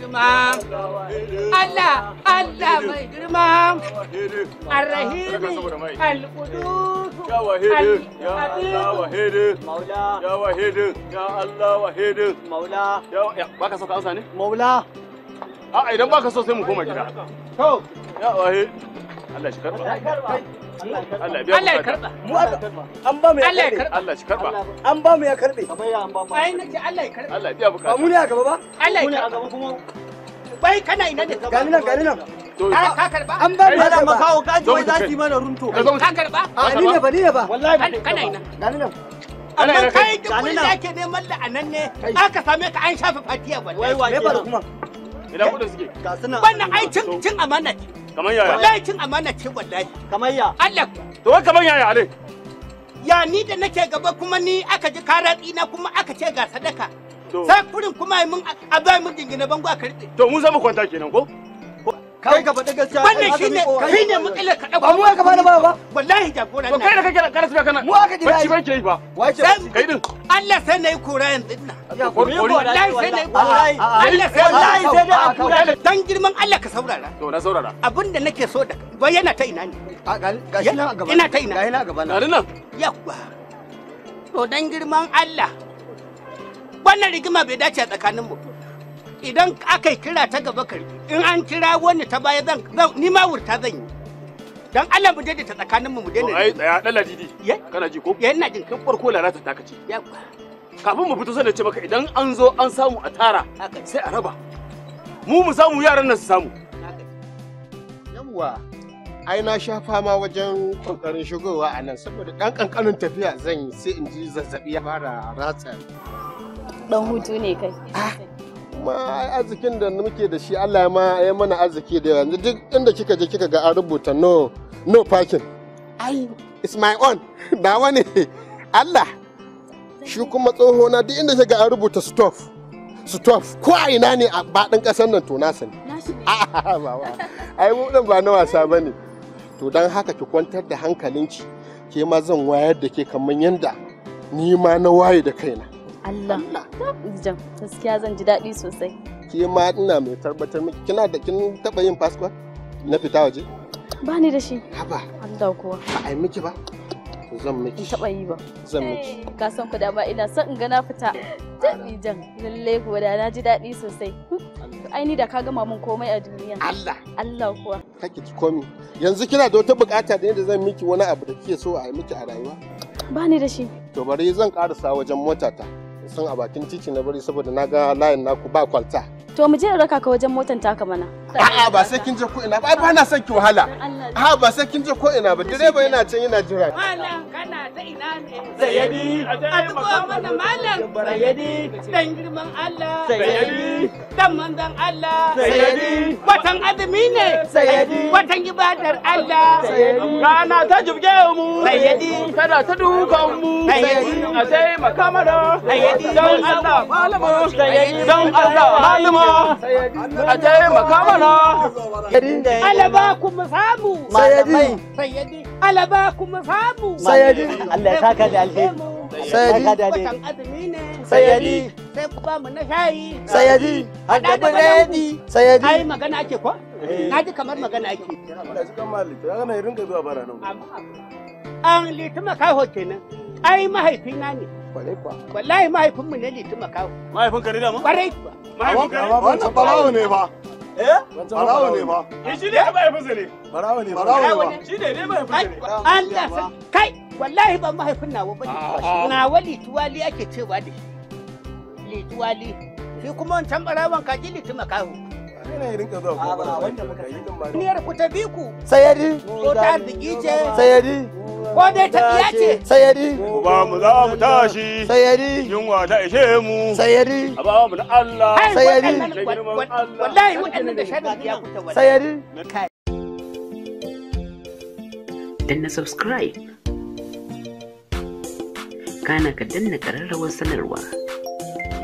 girma Allah Allah mai girma Arrahimi al Ya Ya Allah Maula Ya Ya Allah Maula Ya so ka amsa ne Maula idan so sai mu koma gida to ya Allah shi Allah ya karba an ba mu ya karbe Allah ya karba an ba mu ya karbe kamar ya an ba mu ai nake Allah ya Allah ya biya bukata mu ne a gaba ba Allah ya karba kuma bai kana ina da gaba gani nan gani nan ka karba an ba mu ya karba kaji wai za mana runto ka karba ne ba ni ne ba wallahi kana ina gani nan amma kai duk wani da ake neman la'anan ne aka same ka an shafe fatiya wallahi me kuma ina eh, kudin suke ga sunan wannan ai cin cin amana ce kamar yaya wallahi cin amana ce wallahi kamar ya Allah to wai kamar yaya alai ya ni da nake gaba kuma ni aka ji karatsi na kuma aka ce ga sadaka sai kurin kuma mun a mun dingina bango a karbe to mun zama kwanta kenan ko kai ka faɗi gaskiya wannan shine shine matsalar ka ba mu aka fara ba ba wallahi jagoran to kai da kake karatu kana mu aka ji ba ci ba ke yi ba wai ce kai din Allah sai nayi yanzu dan girman Allah ka saurara to na saurara abinda nake so da bayyana ta ina ne gashi nan a gaban ina ta ina gashi nan a gaban nan yawa to dan girman Allah wannan rigima bai dace a tsakanin mu idan aka kira ta gaba kari in an kira wani ta baya zan ni ma wurta zan yi dan Allah mu daidaita tsakanin mu mu daina ai tsaya dan ladidi kana ji ko yana jin kan farko lalata ta kace yawa kafin mu fito sai na ce maka idan an zo an samu a tara sai a raba mu mu samu yaran nan su samu yawwa ai na sha fama wajen kokarin shigowa a nan saboda dan kankanin tafiya zan yi sai in ji zazzabi ya fara ratsa dan hutu ne kai ah, ma arzikin da muke da shi Allah ya ma ya mana arziki da yanzu duk inda kika je kika ga an rubuta no no parking ai it's my own da wani Allah shi kuma tsoho na duk inda shiga an rubuta stuff stuff ko a ina ne a baɗin ƙasar nan to nasa ne ah, ai mu ɗin ba na wasa ba ne to don haka ki kwantar da hankalinki ke ma zan wayar da ke kamar yadda ni ma na waye da kaina Allah jam gaskiya zan ji daɗi sosai ke ma ina mai tabbatar miki kina da kin taɓa yin passport na fita waje ba ni da shi haba Allah kuwa ba a yi miki ba zan miki taba yi ba zan eh, miki ka san ku dama ina son in ga na fita daɗi jan lalle kuwa da na ji daɗi sosai hm, ai ni da ka gama mun komai a duniya Allah Allah kuwa kake ki komi yanzu kina da wata bukata ne da zan miki wani abu da kike so a yi miki a rayuwa ba ni da shi to bari zan karasa wajen motata sun a bakin titi na bari saboda na ga layin naku ba kwalta To mu je raka ka wajen motan taka mana. A'a ba sai kin je ko ina ba ba na son ki wahala. A'a ba sai kin je ko ina ba direba yana can yana jira. Malam kana ta ina ne? Zayyadi a tuko mana malam. Zayyadi dan girman Allah. Zayyadi dan manzon Allah sayyidi watan azumi ne sayyidi watan ibadar Allah sayyidi rana ta jibge mu sayyidi ta dukan mu sayyidi a sai sayyidi Allah malama sayyidi Allah malama sayyidi a sai sayyidi alaba ku mu samu sayyidi sayyidi alaba ku mu samu sayyidi Allah ya saka da alheri sayyidi watan azumi ne sayyidi sai ku ba mu na shayi sayadi har sayadi ai magana ake ko eh. na ji kamar magana ake da shi kan mali to kana rinka zuwa bara nan an lituma kaho kenan ai mahaifina ne kwarai kwa wallahi mahaifin mu ne lituma kaho mahaifin ka ne da mu kwa mahaifin ka eh? wannan eh, barawo ne ba eh barawo ne ba shi ne mahaifin sa ne barawo ne barawo ne shi ne ne mahaifin sa ne Allah kai wallahi ban mahaifin nawa bane ah, ah, ah. nawa lituwali ake cewa da shi tuwali shi kuma wancan barawan kaji liti kawo. yana yi rinka zuwa niyar ku ta biku sayari ta arziki ce sayari ko dai ta ce sayari ku ba mu za mu tashi sayari yunwa ta ishe mu sayari a ba mu na Allah sayari wallahi waɗannan da shaɗin sayari danna subscribe kana ka danna ƙararrawar sanarwa